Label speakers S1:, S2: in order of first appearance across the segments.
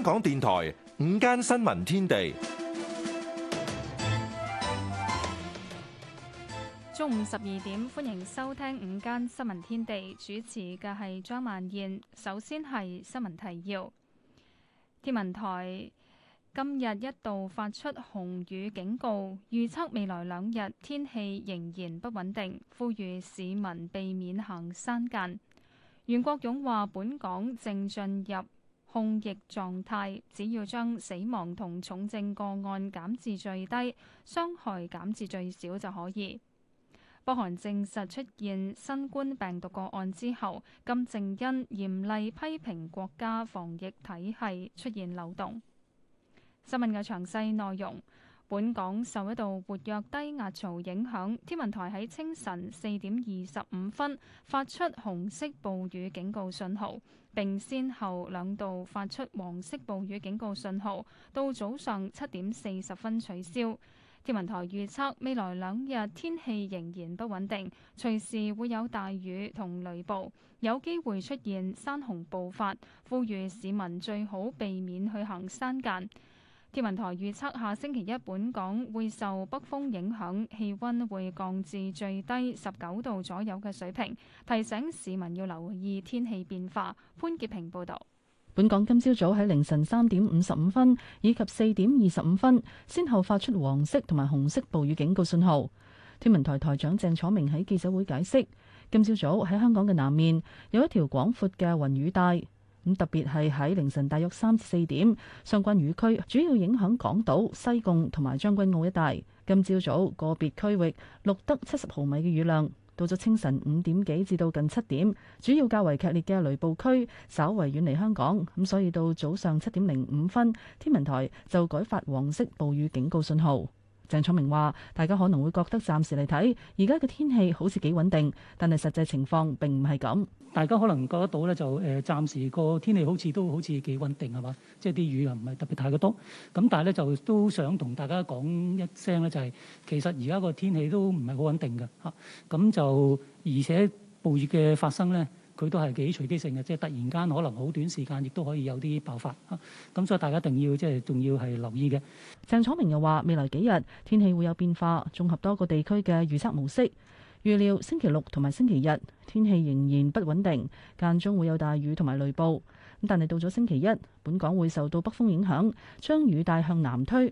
S1: 香港電台午間新聞天地，
S2: 中午十二點，歡迎收聽午間新聞天地。主持嘅係張曼燕。首先係新聞提要。天文台今日一度發出紅雨警告，預測未來兩日天氣仍然不穩定，呼籲市民避免行山。近袁國勇話，本港正進入。控疫狀態，只要將死亡同重症個案減至最低，傷害減至最少就可以。北韓證實出現新冠病毒個案之後，金正恩嚴厲批評國家防疫體系出現漏洞。新聞嘅詳細內容。本港受一道活躍低壓槽影響，天文台喺清晨四點二十五分發出紅色暴雨警告信號，並先後兩度發出黃色暴雨警告信號。到早上七點四十分取消。天文台預測未來兩日天氣仍然不穩定，隨時會有大雨同雷暴，有機會出現山洪暴發，呼籲市民最好避免去行山澗。天文台預測下星期一本港會受北風影響，氣温會降至最低十九度左右嘅水平，提醒市民要留意天氣變化。潘潔平報導。
S3: 本港今朝早喺凌晨三點五十五分以及四點二十五分，先後發出黃色同埋紅色暴雨警告信號。天文台台長鄭楚明喺記者會解釋，今朝早喺香港嘅南面有一條廣闊嘅雲雨帶。咁特別係喺凌晨大約三至四點，相關雨區主要影響港島、西貢同埋將軍澳一帶。今朝早個別區域錄得七十毫米嘅雨量。到咗清晨五點幾至到近七點，主要較為劇烈嘅雷暴區稍為遠離香港，咁所以到早上七點零五分，天文台就改發黃色暴雨警告信號。鄭楚明話：大家可能會覺得暫時嚟睇，而家嘅天氣好似幾穩定，但係實際情況並唔係咁。大家可能覺得到咧，就誒、呃，暫時個天氣好似都好似幾穩定係嘛，即係啲雨又唔係特
S4: 別太過多。咁但係咧就都想同大家講一聲咧，就係、是、其實而家個天氣都唔係好穩定嘅吓。咁就而且暴雨嘅發生咧。佢都係幾隨機性嘅，即係突然間可能好短時間，亦都可以有啲爆發。咁所以大家一定要
S3: 即係仲要係留意嘅。鄭楚明又話：未來幾日天氣會有變化，綜合多個地區嘅預測模式，預料星期六同埋星期日天氣仍然不穩定，間中會有大雨同埋雷暴。咁但係到咗星期一，本港會受到北風影響，將雨帶向南推，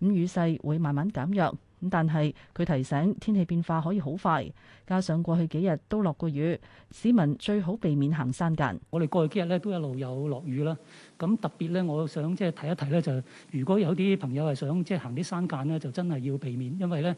S3: 咁雨勢會慢慢減弱。咁但係佢提醒，天氣變化可以好快，加上過去幾日都落過雨，市民最好避免行山間我哋過去幾日呢都一路有落雨啦。咁特別咧，我想即係提一提
S4: 咧，就是、如果有啲朋友係想即係行啲山澗咧，就真係要避免，因為咧誒、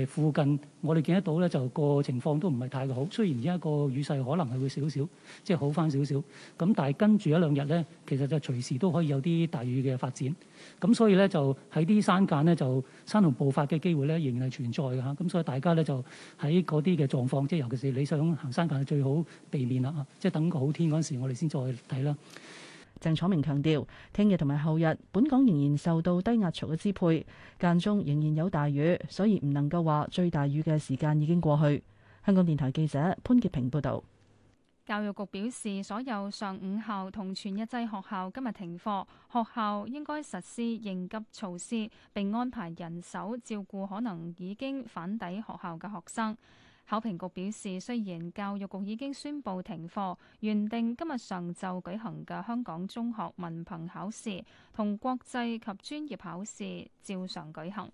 S4: 呃、附近我哋見得到咧，就個情況都唔係太過好。雖然而家個雨勢可能係會少少，即、就、係、是、好翻少少。咁但係跟住一兩日咧，其實就隨時都可以有啲大雨嘅發展。咁所以咧，就喺啲山澗咧，就山洪暴發嘅機會咧，仍然係存在㗎嚇。咁、啊、所以大家咧就喺嗰啲嘅狀況，即係尤其是你想行山澗，最好避免啦嚇、啊。
S3: 即係等個好天嗰陣時我，我哋先再睇啦。鄭楚明強調，聽日同埋後日，本港仍然受到低壓槽嘅支配，間中仍然有大雨，所以唔能夠話最大雨嘅時間已經過去。香港電台記者潘潔平報道。
S2: 教育局表示，所有上午校同全日制學校今日停課，學校應該實施應急措施，並安排人手照顧可能已經返抵學校嘅學生。考評局表示，雖然教育局已經宣布停課，原定今日上晝舉行嘅香港中學文憑考試同國際及專業考試照常舉行。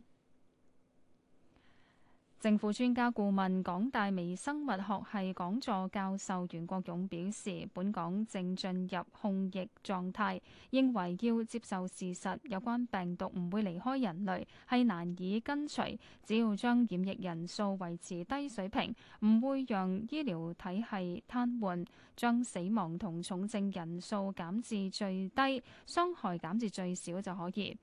S2: 政府專家顧問、港大微生物學系講座教授袁國勇表示，本港正進入控疫狀態，認為要接受事實，有關病毒唔會離開人類，係難以根除。只要將染疫人數維持低水平，唔會讓醫療體系癱瘓，將死亡同重症人數減至最低，傷害減至最少就可以。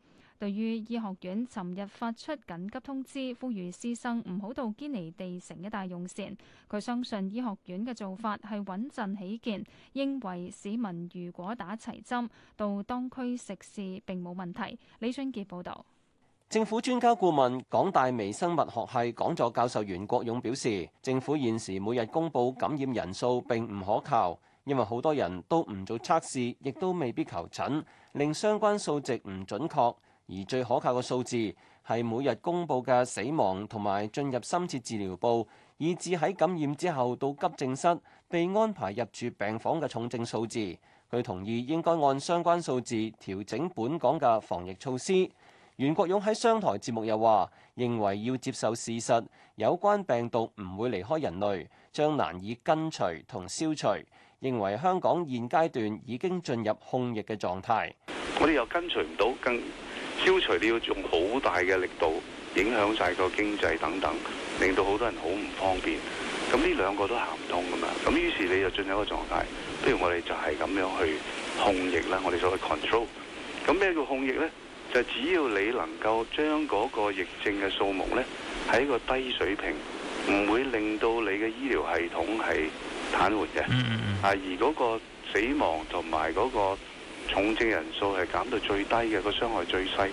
S2: 對於醫學院尋日發出緊急通知，呼籲師生唔好到堅尼地城一帶用膳，佢相信醫學院嘅做法係穩陣起見。認為市民如果打齊針，到當區食肆並冇問題。李俊傑報導。
S5: 政府專家顧問、港大微生物學系講座教授袁國勇表示，政府現時每日公布感染人數並唔可靠，因為好多人都唔做測試，亦都未必求診，令相關數值唔準確。而最可靠嘅數字係每日公布嘅死亡同埋進入深切治療部，以至喺感染之後到急症室被安排入住病房嘅重症數字。佢同意應該按相關數字調整本港嘅防疫措施。袁國勇喺商台節目又話，認為要接受事實，有關病毒唔會離開人類，將難以根除同消除。認為香港現階段已經進入控疫嘅狀態。
S6: 我哋又跟隨唔到更。消除你要用好大嘅力度，影響晒個經濟等等，令到好多人好唔方便。咁呢兩個都行唔通㗎嘛。咁於是你就進入一個狀態，不如我哋就係咁樣去控疫啦。我哋所謂 control。咁咩叫控疫呢？就只要你能夠將嗰個疫症嘅數目呢，喺個低水平，唔會令到你嘅醫療系統係癱瘓嘅。啊，而嗰個死亡同埋嗰個。重症人數係減到最低嘅，個傷害最細，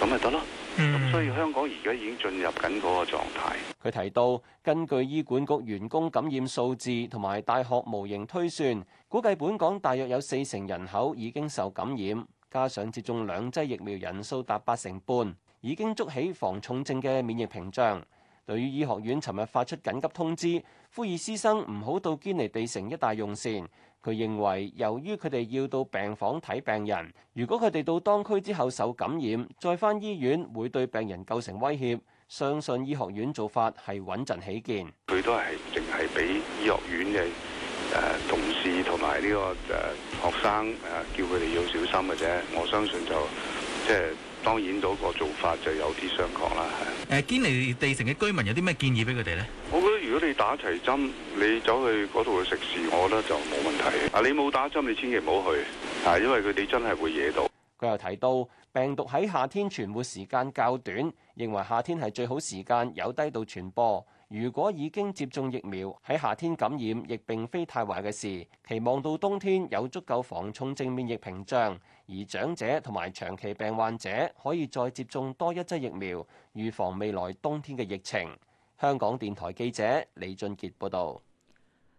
S6: 咁咪得咯。咁、嗯、所以香港而家已經進入緊嗰個狀態。
S5: 佢提到，根據醫管局員工感染數字同埋大學模型推算，估計本港大約有四成人口已經受感染，加上接種兩劑疫苗人數達八成半，已經築起防重症嘅免疫屏障。對於醫學院尋日發出緊急通知，呼籲師生唔好到堅尼地城一帶用膳。佢認為，由於佢哋要到病房睇病人，如果佢哋到當區之後受感染，再返醫院會對病人構成威脅。相信醫學院做法係穩陣起見。
S6: 佢都係淨係俾醫學院嘅誒、呃、同事同埋呢個誒、呃、學生誒、呃、叫佢哋要小心嘅啫。我相信就即係、呃、當然，嗰個做法就有啲雙確啦。誒、
S2: 呃、堅尼地城嘅居民有啲咩建議俾佢哋咧？
S6: 如果你打齊針，你走去嗰度去食肆，我覺得就冇問題啊，你冇打針，你千祈唔好去，啊，因為佢哋真係會惹到。
S5: 佢又提到，病毒喺夏天存活時間較短，認為夏天係最好時間有低度傳播。如果已經接種疫苗喺夏天感染，亦並非太壞嘅事。期望到冬天有足夠防重症免疫屏障，而長者同埋長期病患者可以再接種多一劑疫苗，預防未來冬天嘅疫情。香港電台記者李俊杰報道，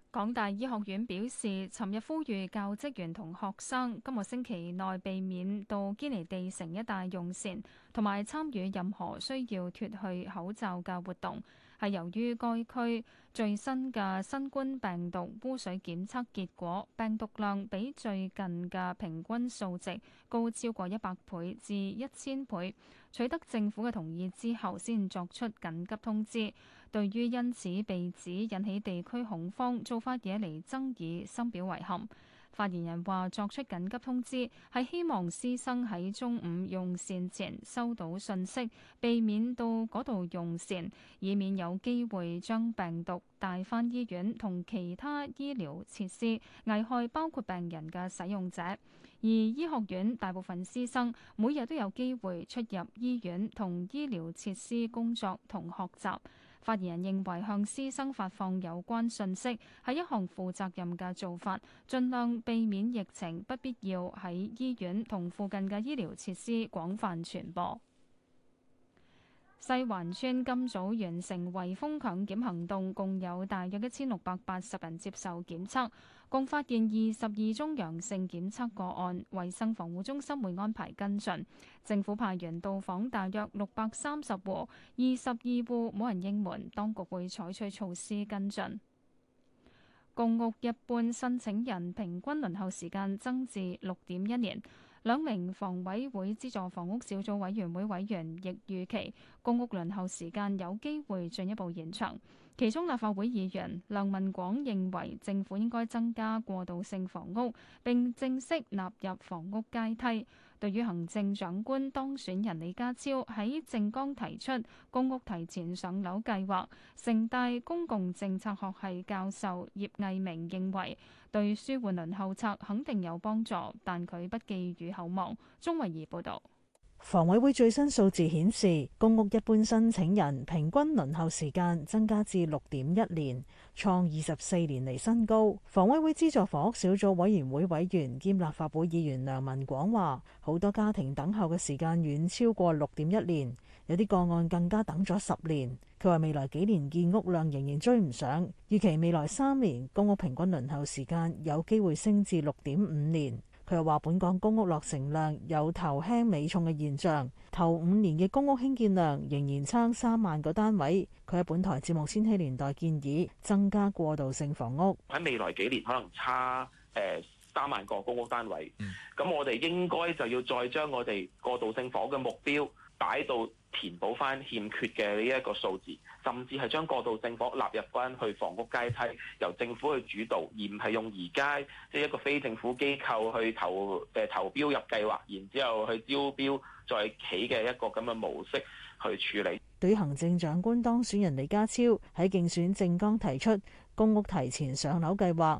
S2: 港大醫學院表示，尋日呼籲教職員同學生今個星期內避免到堅尼地城一帶用膳，同埋參與任何需要脫去口罩嘅活動。係由於該區最新嘅新冠病毒污水檢測結果，病毒量比最近嘅平均數值高超過一百倍至一千倍，取得政府嘅同意之後先作出緊急通知。對於因此被指引起地區恐慌，做法惹嚟爭議，深表遺憾。發言人話：作出緊急通知係希望師生喺中午用膳前收到信息，避免到嗰度用膳，以免有機會將病毒帶返醫院同其他醫療設施，危害包括病人嘅使用者。而醫學院大部分師生每日都有機會出入醫院同醫療設施工作同學習。發言人認為向師生發放有關信息係一項負責任嘅做法，盡量避免疫情，不必要喺醫院同附近嘅醫療設施廣泛傳播。西環村今早完成圍封強檢行動，共有大約一千六百八十人接受檢測，共發現二十二宗陽性檢測個案，衛生防護中心會安排跟進。政府派員到訪大約六百三十戶，二十二戶冇人應門，當局會採取措施跟進。公屋一般申請人平均輪候時間增至六點一年。兩名房委會資助房屋小組委員會委員亦預期公屋輪候時間有機會進一步延長。其中立法會議員梁文廣認為政府應該增加過渡性房屋，並正式納入房屋階梯。對於行政長官當選人李家超喺政綱提出公屋提前上樓計劃，城大公共政策學系教授葉毅明認為，對舒緩輪候冊肯定有幫助，但佢不寄予厚望。鍾維怡報導。
S7: 房委會最新數字顯示，公屋一般申請人平均輪候時間增加至六點一年，創二十四年嚟新高。房委會資助房屋小組委員會委員兼立法會議員梁文廣話，好多家庭等候嘅時間遠超過六點一年，有啲個案更加等咗十年。佢話未來幾年建屋量仍然追唔上，預期未來三年公屋平均輪候時間有機會升至六點五年。佢又話：本港公屋落成量有頭輕尾重嘅現象，頭五年嘅公屋興建量仍然差三萬個單位。佢喺本台節目《千禧年代》建議增加過渡性房屋。
S8: 喺未來幾年可能差誒三萬個公屋單位，咁、mm. 我哋應該就要再將我哋過渡性房嘅目標。解到填補翻欠缺嘅呢一個數字，甚至係將過渡政府納入翻去房屋階梯，由政府去主導，而唔係用而家即係一個非政府機構去投誒投標入計劃，然之後去招標再起嘅一個咁嘅模式去處理。
S7: 對行政長官當選人李家超喺競選政綱提出公屋提前上樓計劃。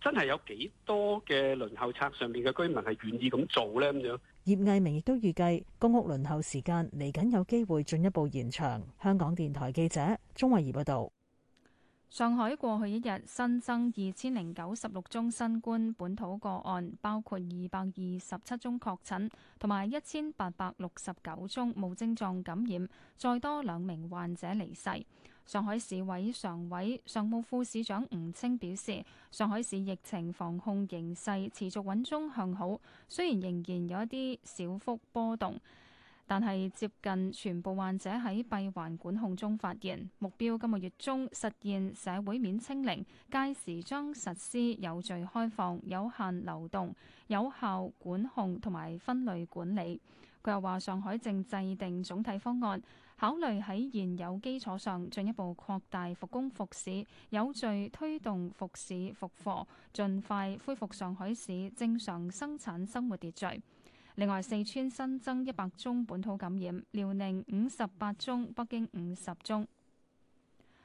S1: 真係有幾多嘅輪候冊上面嘅居民係願意咁做呢？咁
S7: 樣葉毅明亦都預計公屋輪候時間嚟緊有機會進一步延長。香港電台記者鍾慧儀報導。
S2: 上海過去一日新增二千零九十六宗新冠本土個案，包括二百二十七宗確診同埋一千八百六十九宗冇症狀感染，再多兩名患者離世。上海市委常委、常務副市長吳清表示，上海市疫情防控形勢持續穩中向好，雖然仍然有一啲小幅波動，但係接近全部患者喺閉環管控中發現。目標今個月中實現社會面清零，屆時將實施有序開放、有限流動、有效管控同埋分類管理。佢又話，上海正制定總體方案。考慮喺現有基礎上進一步擴大復工復市，有序推動復市復課，盡快恢復上海市正常生產生活秩序。另外，四川新增一百宗本土感染，遼寧五十八宗，北京五十宗。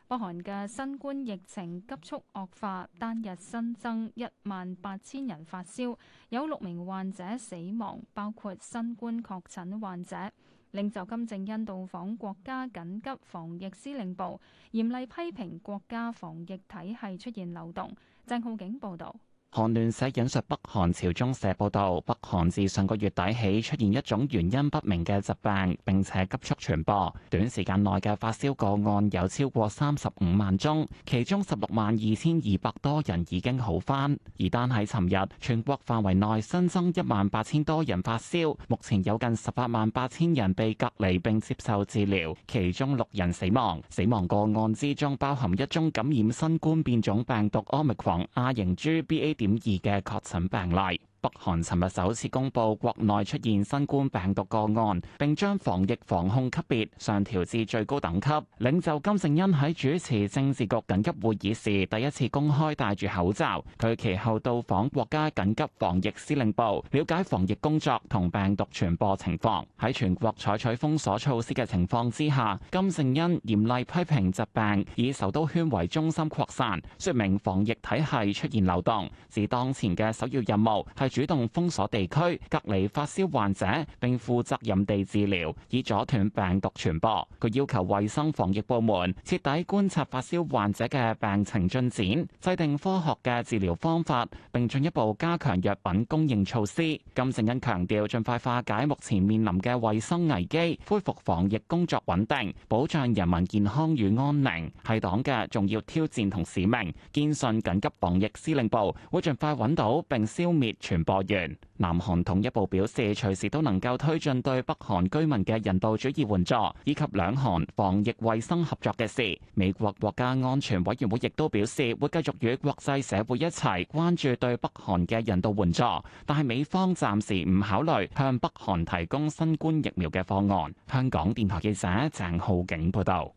S2: 北韓嘅新冠疫情急速惡化，單日新增一萬八千人發燒，有六名患者死亡，包括新冠確診患者。領袖金正恩到訪國家緊急防疫司令部，嚴厲批評國家防疫體系出現漏洞。鄭浩景報導。
S8: 韓聯社引述北韓朝中社報道，北韓自上個月底起出現一種原因不明嘅疾病，並且急速傳播，短時間內嘅發燒個案有超過三十五萬宗，其中十六萬二千二百多人已經好返。而單喺尋日，全國範圍內新增一萬八千多人發燒，目前有近十八萬八千人被隔離並接受治療，其中六人死亡。死亡個案之中包含一宗感染新冠變種病毒奧密克戎亞型 g BA。點二嘅確診病例。北韓尋日首次公布國內出現新冠病毒個案，並將防疫防控級別上調至最高等級。領袖金正恩喺主持政治局緊急會議時，第一次公開戴住口罩。佢其，其後到訪國家緊急防疫司令部，了解防疫工作同病毒傳播情況。喺全國採取封鎖措施嘅情況之下，金正恩嚴厲批評疾病以首都圈為中心擴散，説明防疫體系出現漏洞。自當前嘅首要任務係，主動封鎖地區，隔離發燒患者，並負責任地治療，以阻斷病毒傳播。佢要求衛生防疫部門徹底觀察發燒患者嘅病情進展，制定科學嘅治療方法，並進一步加強藥品供應措施。金正恩強調，盡快化解目前面臨嘅衛生危機，恢復防疫工作穩定，保障人民健康與安寧，係黨嘅重要挑戰同使命。堅信緊急防疫司令部會盡快揾到並消滅全。播完，南韓統一部表示隨時都能夠推進對北韓居民嘅人道主義援助，以及兩韓防疫衛生合作嘅事。美國國家安全委員會亦都表示會繼續與國際社會一齊關注對北韓嘅人道援助，但係美方暫時唔考慮向北韓提供新冠疫苗嘅方案。香港電台記者鄭浩景報道。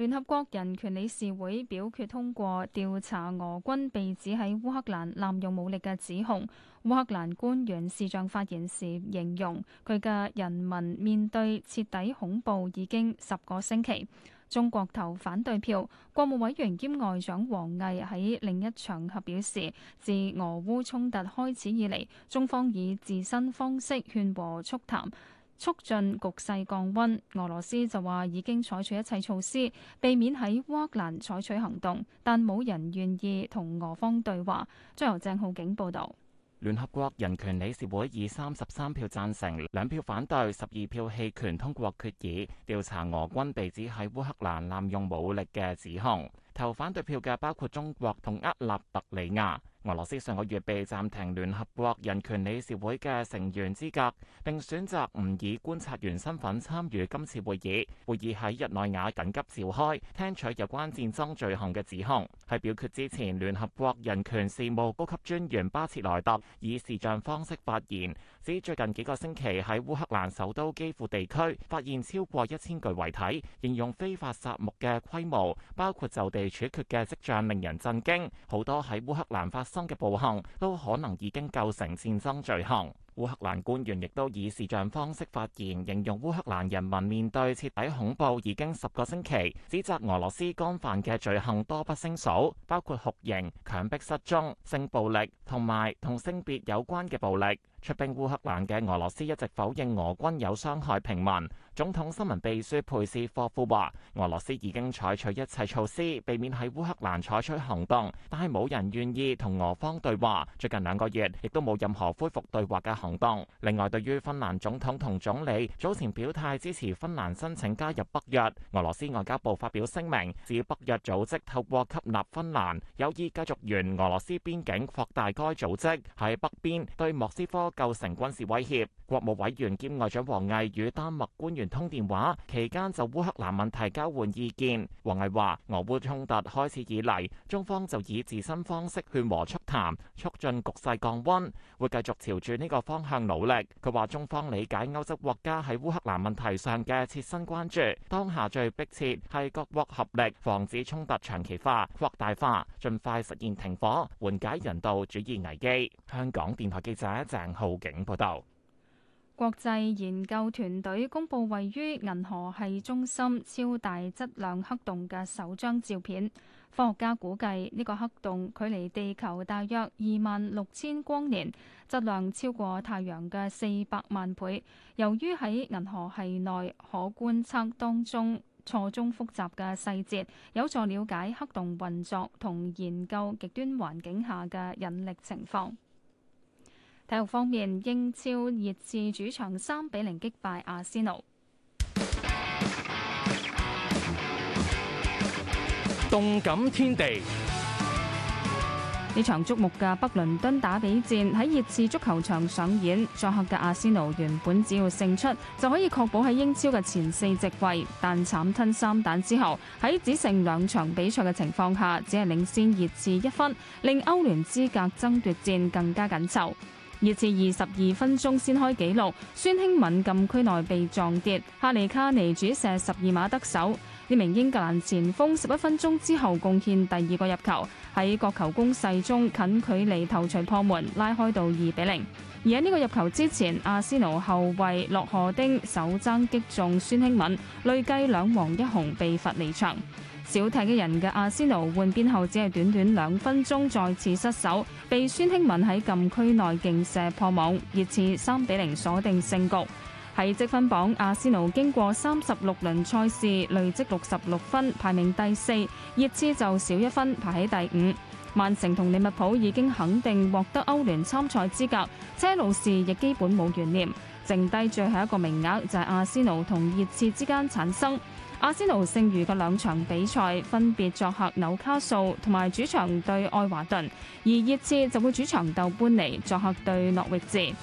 S2: 聯合國人權理事會表決通過調查俄軍被指喺烏克蘭濫用武力嘅指控。烏克蘭官員視像發言時形容，佢嘅人民面對徹底恐怖已經十個星期。中國投反對票。國務委員兼外長王毅喺另一場合表示，自俄烏衝突開始以嚟，中方以自身方式勸和促談。促進局勢降溫。俄羅斯就話已經採取一切措施，避免喺烏克蘭採取行動，但冇人願意同俄方對話。將由鄭浩景報道，
S8: 聯合國人權理事會以三十三票贊成、兩票反對、十二票棄權通過決議，調查俄軍被指喺烏克蘭濫用武力嘅指控。投反對票嘅包括中國同厄立特里亞。俄羅斯上個月被暫停聯合國人權理事會嘅成員資格，並選擇唔以觀察員身份參與今次會議。會議喺日內瓦緊急召開，聽取有關戰爭罪行嘅指控。喺表決之前，聯合國人權事務高級專員巴切萊特以視像方式發言，指最近幾個星期喺烏克蘭首都基輔地區發現超過一千具遺體，形容非法殺戮嘅規模，包括就地處決嘅跡象，令人震驚。好多喺烏克蘭發生。嘅暴行都可能已經構成戰爭罪行。烏克蘭官員亦都以視像方式發言，形容烏克蘭人民面對徹底恐怖已經十個星期，指責俄羅斯干犯嘅罪行多不勝數，包括酷刑、強迫失蹤、性暴力同埋同性別有關嘅暴力。出兵烏克蘭嘅俄羅斯一直否認俄軍有傷害平民。總統新聞秘書佩斯科夫話俄羅斯已經採取一切措施避免喺烏克蘭採取行動，但係冇人願意同俄方對話，最近兩個月亦都冇任何恢復對話嘅行動，另外，對於芬蘭總統同總理早前表態支持芬蘭申請加入北約，俄羅斯外交部發表聲明指北約組織透過吸納芬蘭，有意繼續沿俄羅斯邊境擴大該組織喺北邊對莫斯科。構成軍事威脅。國務委員兼外長王毅與丹麥官員通電話，期間就烏克蘭問題交換意見。王毅話：俄烏衝突開始以嚟，中方就以自身方式勸和促談，促進局勢降溫，會繼續朝住呢個方向努力。佢話：中方理解歐洲國家喺烏克蘭問題上嘅切身關注，當下最迫切係各國合力防止衝突長期化、擴大化，盡快實現停火，緩解人道主義危機。香港電台記者鄭。浩景報道，
S2: 國際研究團隊公布位於銀河系中心超大質量黑洞嘅首張照片。科學家估計呢個黑洞距離地球大約二萬六千光年，質量超過太陽嘅四百萬倍。由於喺銀河系內可觀測當中錯綜複雜嘅細節，有助了解黑洞運作同研究極端環境下嘅引力情況。體育方面，英超熱刺主場三比零擊敗阿仙奴。動感天地。呢場矚目嘅北倫敦打比戰喺熱刺足球場上演。作客嘅阿仙奴原本只要勝出就可以確保喺英超嘅前四席位，但慘吞三蛋之後，喺只剩兩場比賽嘅情況下，只係領先熱刺一分，令歐聯資格爭奪戰更加緊湊。熱刺二十二分鐘先開紀錄，孫興敏禁區內被撞跌。哈利卡尼主射十二碼得手，呢名英格蘭前鋒十一分鐘之後貢獻第二個入球，喺角球攻勢中近距離頭槌破門，拉開到二比零。而喺呢個入球之前，阿仙奴後衞洛何丁手踭擊中孫興敏，累計兩黃一紅被罰離場。小提嘅人嘅阿仙奴，換邊後，只係短短兩分鐘再次失手，被孫興文喺禁區內勁射破網熱，熱刺三比零鎖定勝局。喺積分榜，阿仙奴經過三十六輪賽事累積六十六分，排名第四；熱刺就少一分，排喺第五。曼城同利物浦已經肯定獲得歐聯參賽資格，車路士亦基本冇懸念，剩低最後一個名額就係阿仙奴同熱刺之間產生。阿仙奴剩餘嘅兩場比賽，分別作客紐卡素同埋主場對愛華頓，而熱刺就會主場鬥搬尼，作客對諾域治。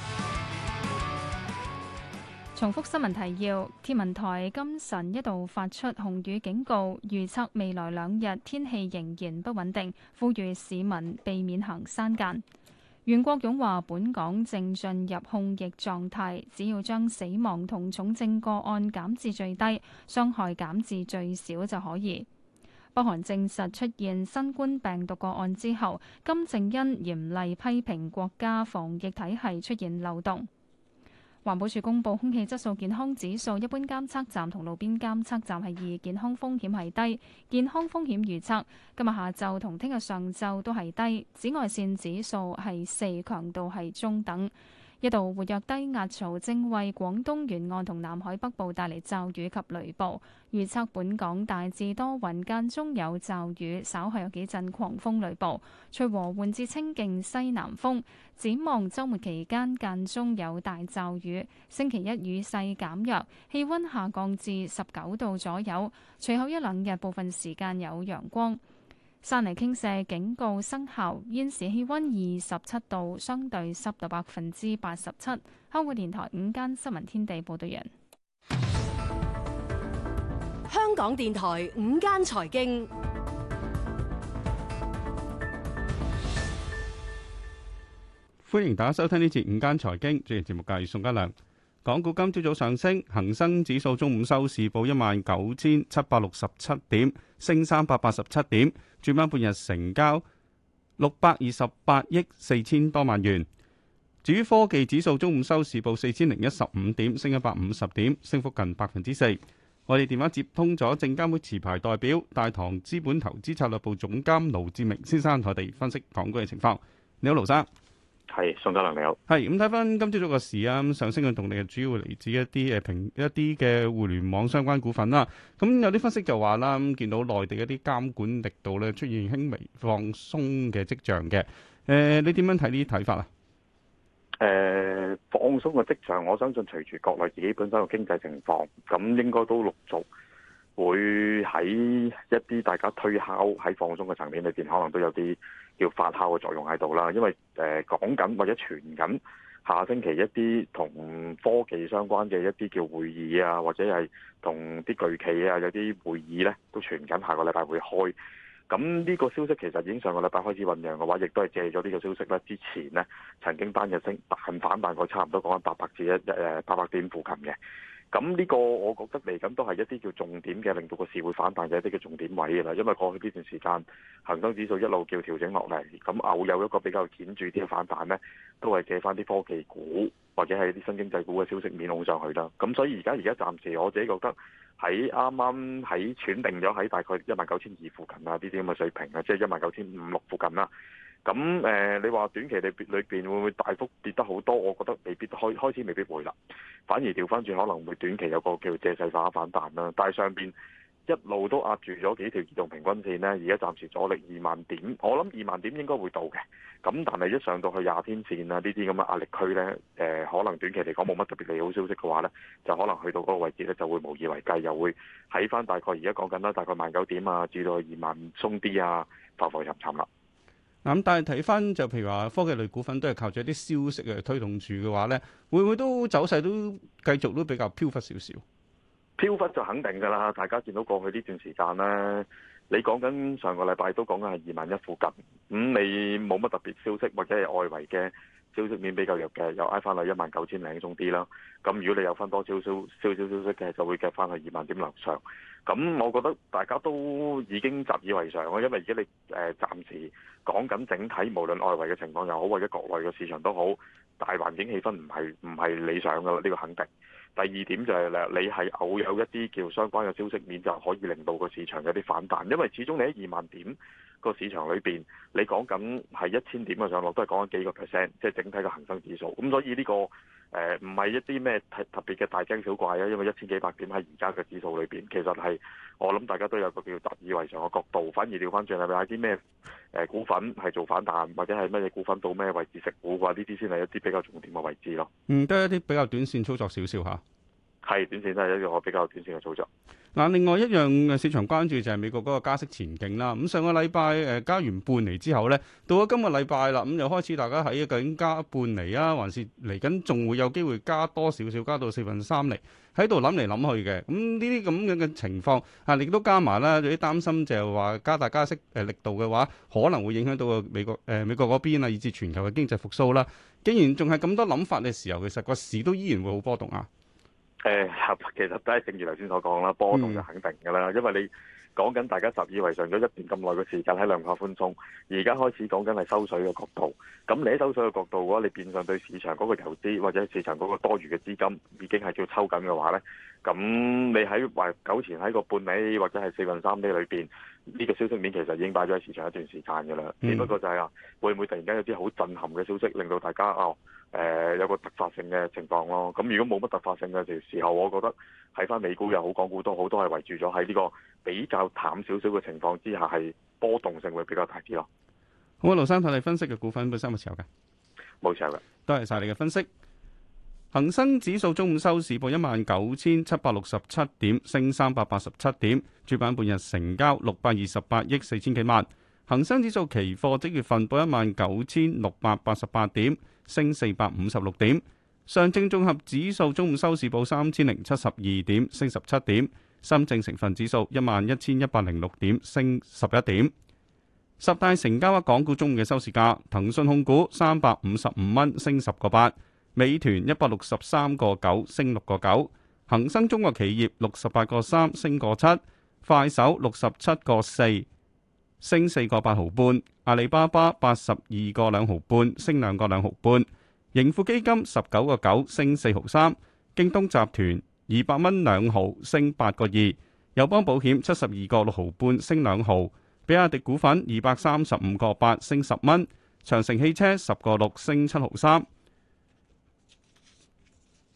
S2: 重複新聞提要，天文台今晨一度發出紅雨警告，預測未來兩日天氣仍然不穩定，呼籲市民避免行山間。袁國勇話，本港正進入控疫狀態，只要將死亡同重症個案減至最低，傷害減至最少就可以。北韓證實出現新冠病毒個案之後，金正恩嚴厲批評國家防疫體系出現漏洞。環保署公布空氣質素健康指數，一般監測站同路邊監測站係二，健康風險係低。健康風險預測，今日下晝同聽日上晝都係低。紫外線指數係四，強度係中等。一道活躍低壓槽正為廣東沿岸同南海北部帶嚟驟雨及雷暴，預測本港大致多雲間中有驟雨，稍後有幾陣狂風雷暴，吹和緩至清勁西南風。展望週末期間間中有大驟雨，星期一雨勢減弱，氣温下降至十九度左右。隨後一兩日部分時間有陽光。山泥傾瀉警告生效，現時氣温二十七度，相對濕度百分之八十七。香港電台午間新聞天地報道人，香港電台午間財經，
S3: 歡
S1: 迎大家收聽呢次午間財經，主持節目嘅係宋嘉良。港股今朝早上升，恒生指數中午收市報一萬九千七百六十七點，升三百八十七點，主板半日成交六百二十八億四千多萬元。至於科技指數中午收市報四千零一十五點，升一百五十點，升幅近百分之四。我哋電話接通咗證監會持牌代表大唐資本投資策略部總監盧志明先生同我哋分析港股嘅情況。你好，盧生。係，宋嘉良你好。係咁睇翻今朝早個市啊，上升嘅動力係主要嚟自一啲誒平一啲嘅互聯網相關股份啦。咁有啲分析就話啦，見到內地一啲監管力度咧出現輕微放鬆嘅迹象嘅。誒、呃，你點樣睇呢啲睇法啊？誒、
S9: 呃，放鬆嘅迹象，我相信隨住國內自己本身嘅經濟情況，咁應該都陸續。會喺一啲大家推敲、喺放鬆嘅層面裏邊，可能都有啲叫發酵嘅作用喺度啦。因為誒、呃、講緊或者傳緊下星期一啲同科技相關嘅一啲叫會議啊，或者係同啲巨企啊有啲會議呢都傳緊下個禮拜會開。咁呢個消息其實已經上個禮拜開始醖釀嘅話，亦都係借咗呢個消息呢。之前呢曾經單日升近反彈過，差唔多講緊八百至一誒八百點附近嘅。咁呢個我覺得嚟緊都係一啲叫重點嘅，令到個市會反彈嘅一啲嘅重點位嘅啦。因為過去呢段時間，恒生指數一路叫調整落嚟，咁偶有一個比較顯著啲嘅反彈呢都係借翻啲科技股或者係啲新經濟股嘅消息面往上去啦。咁所以而家而家暫時我自己覺得喺啱啱喺轉定咗喺大概一萬九千二附近啊，呢啲咁嘅水平啊，即係一萬九千五六附近啦。咁誒，你話短期你裏邊會唔會大幅跌得好多？我覺得未必開開始未必會啦。反而調翻轉可能會短期有個叫借勢化反彈啦，但係上面一路都壓住咗幾條移動平均線呢。而家暫時阻力二萬點，我諗二萬點應該會到嘅，咁但係一上到去廿天線啊呢啲咁嘅壓力區呢，誒、呃、可能短期嚟講冇乜特別利好消息嘅話呢，就可能去到嗰個位置呢，就會無以為繼，又會喺翻大概而家講緊啦，大概萬九點啊至到二萬鬆啲啊，浮浮沉沉啦。
S1: 咁但係睇翻就譬如話科技類股份都係靠咗啲消息去推動住嘅話，呢會唔會都走勢都繼續都比較飄忽少少？
S9: 飄忽就肯定㗎啦，大家見到過去呢段時間呢，你講緊上個禮拜都講緊係二萬一附近，咁你冇乜特別消息或者係外圍嘅。消息面比較弱嘅，又挨翻去一萬九千零中啲啦。咁如果你有翻多少少少少消息嘅，就會夾翻去二萬點樓上。咁我覺得大家都已經習以為常咯，因為而家你誒暫時講緊整體，無論外圍嘅情況又好，或者國內嘅市場都好，大環境氣氛唔係唔係理想噶啦，呢個肯定。第二點就係咧，你係偶有一啲叫相關嘅消息面就可以令到個市場有啲反彈，因為始終你喺二萬點，個市場裏邊，你講緊係一千點嘅上落，都係講緊幾個 percent，即係整體嘅恒生指數咁。所以呢、這個誒唔係一啲咩特特別嘅大驚小怪啊。因為一千幾百點喺而家嘅指數裏邊，其實係我諗大家都有個叫習以為常嘅角度。反而調翻轉係咪有啲咩誒股份係做反彈，或者係乜嘢股份到咩位置食糊嘅話呢啲先係一啲比較重點嘅位置咯。
S1: 嗯，都係一啲比較短線操作少少吓。
S9: 係短線都係一樣，我比較短線嘅
S1: 操作嗱。另外一樣嘅市場關注就係美國嗰個加息前景啦。咁上個禮拜誒加完半釐之後咧，到咗今個禮拜啦，咁又開始大家喺究竟加半釐啊，還是嚟緊仲會有機會加多少少，加到四分三厘。喺度諗嚟諗去嘅。咁呢啲咁樣嘅情況啊，亦都加埋啦。有啲擔心就係話加大加息誒、呃、力度嘅話，可能會影響到美國誒、呃、美國嗰邊啊，以至全球嘅經濟復甦啦。既然仲係咁多諗法嘅時候，其實個市都依然會好波動啊。
S9: 誒，嗱，其實都係正如頭先所講啦，波動就肯定噶啦，因為你講緊大家習以為常咗一段咁耐嘅時間喺量化寬鬆，而家開始講緊係收水嘅角度，咁你喺收水嘅角度嘅話，你變相對市場嗰個投資或者市場嗰個多餘嘅資金，已經係叫抽緊嘅話咧。咁你喺或久前喺個半尾或者係四分三尾裏邊，呢、這個消息面其實已經擺咗喺市場一段時間嘅啦。嗯、只不過就係話，會唔會突然間有啲好震撼嘅消息，令到大家啊誒、哦呃、有個突發性嘅情況咯？咁如果冇乜突發性嘅時時候，我覺得喺翻美股又好，港股都好，都係圍住咗喺呢個比較淡少少嘅情況之下，係波動性會比較大啲咯。
S1: 好啊，劉生睇你分析嘅股份本身有冇收嘅？
S9: 冇收嘅。
S1: 多謝晒你嘅分析。恒生指數中午收市報一萬九千七百六十七點，升三百八十七點。主板半日成交六百二十八億四千幾萬。恒生指數期貨即月份報一萬九千六百八十八點，升四百五十六點。上證綜合指數中午收市報三千零七十二點，升十七點。深證成分指數一萬一千一百零六點，升十一點。十大成交額港股中午嘅收市價，騰訊控股三百五十五蚊，升十個八。美團一百六十三個九升六個九，恒生中國企業六十八個三升個七，快手六十七個四升四個八毫半，阿里巴巴八十二個兩毫半升兩個兩毫半，盈富基金十九個九升四毫三，京東集團二百蚊兩毫升八個二，友邦保險七十二個六毫半升兩毫，比亞迪股份二百三十五個八升十蚊，長城汽車十個六升七毫三。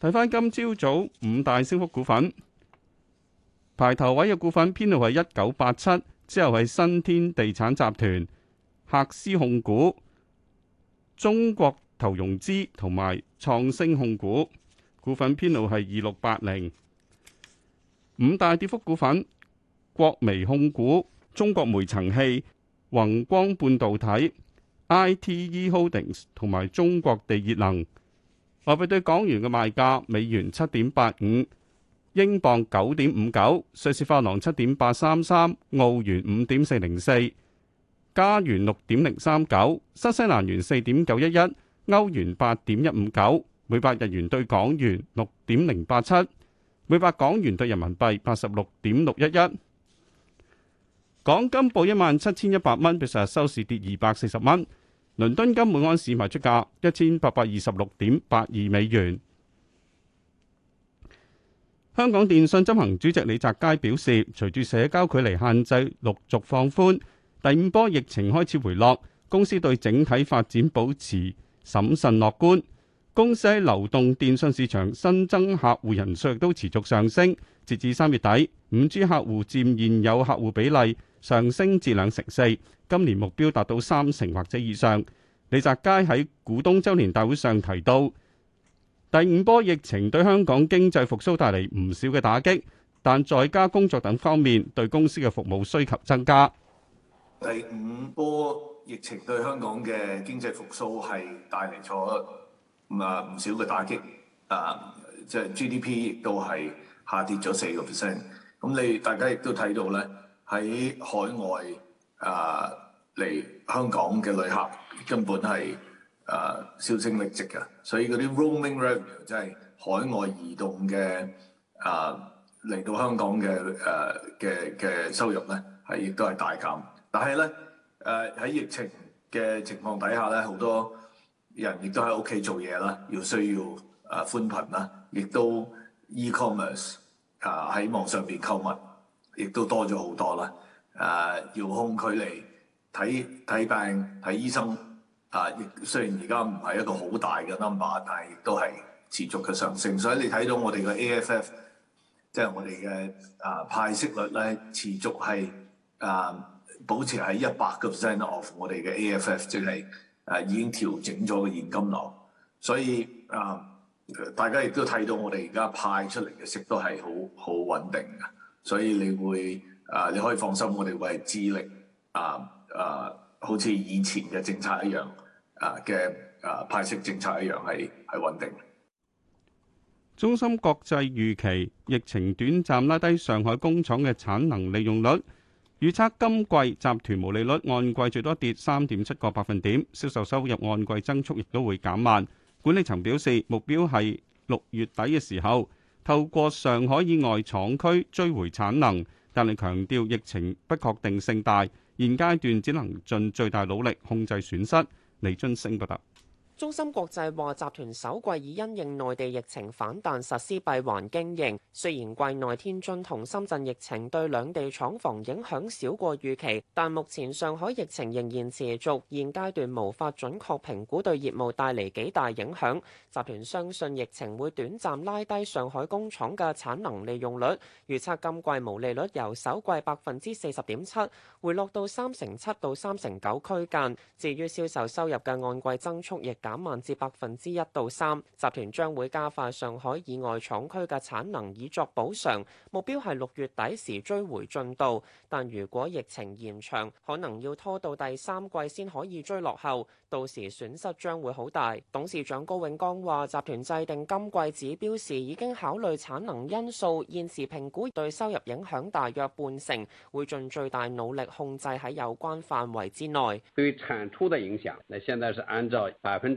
S1: 睇返今朝早五大升幅股份，排頭位嘅股份編號係一九八七，之後係新天地產集團、客思控股、中國投融資同埋創星控股，股份編號係二六八零。五大跌幅股份：國微控股、中國煤層氣、宏光半導體、ITE Holdings 同埋中國地熱能。外匯對港元嘅賣價：美元七點八五，英鎊九點五九，瑞士法郎七點八三三，澳元五點四零四，加元六點零三九，新西蘭元四點九一一，歐元八點一五九，每百日元兌港元六點零八七，每百港元兌人民幣八十六點六一一。港金報一萬七千一百蚊，比上日收市跌二百四十蚊。倫敦金每盎司賣出價一千八百二十六點八二美元。香港電信執行主席李澤楷表示，隨住社交距離限制陸續放寬，第五波疫情開始回落，公司對整體發展保持審慎樂觀。公司喺流動電信市場新增客戶人數亦都持續上升，截至三月底，五 G 客戶佔現有客戶比例上升至兩成四，今年目標達到三成或者以上。李澤楷喺股東周年大會上提到，第五波疫情對香港經濟復甦帶嚟唔少嘅打擊，但在家工作等方面對公司嘅服務需求增加。
S10: 第五波疫情對香港嘅經濟復甦係帶嚟咗。咁啊，唔少嘅打擊啊，即係 GDP 亦都係下跌咗四個 percent。咁你大家亦都睇到咧，喺海外啊嚟，uh，香港嘅旅客根本係啊銷聲匿跡嘅，所以嗰啲 roaming revenue 即係海外移動嘅啊嚟到香港嘅誒嘅嘅收入咧，係亦都係大減。但係咧誒喺疫情嘅情況底下咧，好多人亦都喺屋企做嘢啦，要需要啊寬頻啦，亦都 e-commerce 啊喺網上邊購物，亦都多咗好多啦。啊，遙控距離睇睇病睇醫生啊，雖然而家唔係一個好大嘅 number，但係亦都係持續嘅上升。所以你睇到我哋嘅 AFF，即係我哋嘅啊派息率咧，持續係啊保持喺一百個 percent of 我哋嘅 AFF，即係。誒已經調整咗個現金流，所以啊、呃，大家亦都睇到我哋而家派出嚟嘅息都係好好穩定嘅，所以你會啊、呃，你可以放心我會智，我哋會係資力啊啊，好似以前嘅政策一樣啊嘅啊派息政策一樣係係穩定。
S1: 中芯國際預期疫情短暫拉低上海工廠嘅產能利用率。預測今季集團毛利率按季最多跌三點七個百分點，銷售收入按季增速亦都會減慢。管理層表示目標係六月底嘅時候，透過上海以外廠區追回產能，但係強調疫情不確定性大，現階段只能盡最大努力控制損失。李津升報道。
S4: 中芯國際話，集團首季已因應內地疫情反彈實施閉環經營。雖然季內天津同深圳疫情對兩地廠房影響少過預期，但目前上海疫情仍然持續，現階段無法準確評估對業務帶嚟幾大影響。集團相信疫情會短暫拉低上海工廠嘅產能利用率，預測今季毛利率由首季百分之四十點七回落到三成七到三成九區間。至於銷售收入嘅按季增速亦減，減慢至百分之一到三，集團將會加快上海以外廠區嘅產能以作補償，目標係六月底時追回進度。但如果疫情延長，可能要拖到第三季先可以追落後，到時損失將會好大。董事長高永江話，集團制定今季指標時已經考慮產能因素，現時評估對收入影響大約半成，會盡最大努力控制喺有關
S1: 範圍之內。對產出嘅影響，那現在是按照百分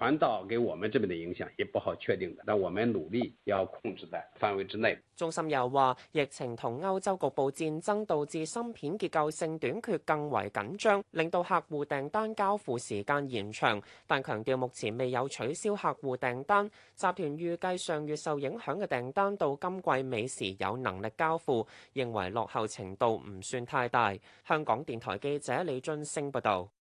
S1: 反倒給我們這邊的影響也不好確定的，但我們努力要控制在範圍之內。中
S4: 心又話，疫情同歐洲局部戰爭導致芯片結構性短缺更為緊張，令到客戶訂單交付時間延長，但強調目前未有取消客戶訂單。集團預計上月受影響嘅訂單到今季尾時有能力交付，認為落後程度唔算太大。香港電台記者李俊升報道。